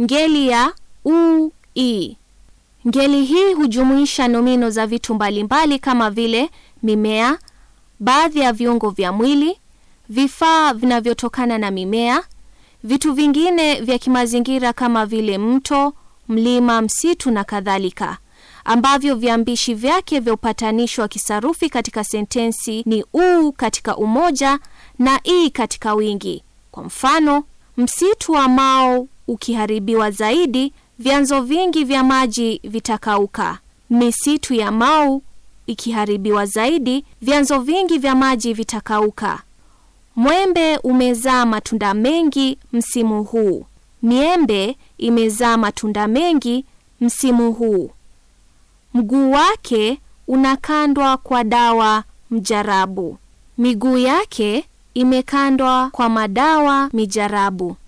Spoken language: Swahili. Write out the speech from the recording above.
Ngeli ya u i. Ngeli hii hujumuisha nomino za vitu mbalimbali kama vile mimea, baadhi ya viungo vya mwili, vifaa vinavyotokana na mimea, vitu vingine vya kimazingira kama vile mto, mlima, msitu na kadhalika, ambavyo viambishi vyake vya upatanisho wa kisarufi katika sentensi ni u katika umoja na i katika wingi. Kwa mfano, msitu wa Mau ukiharibiwa zaidi, vyanzo vingi vya maji vitakauka. Misitu ya Mau ikiharibiwa zaidi, vyanzo vingi vya maji vitakauka. Mwembe umezaa matunda mengi msimu huu. Miembe imezaa matunda mengi msimu huu. Mguu wake unakandwa kwa dawa mjarabu. Miguu yake imekandwa kwa madawa mijarabu.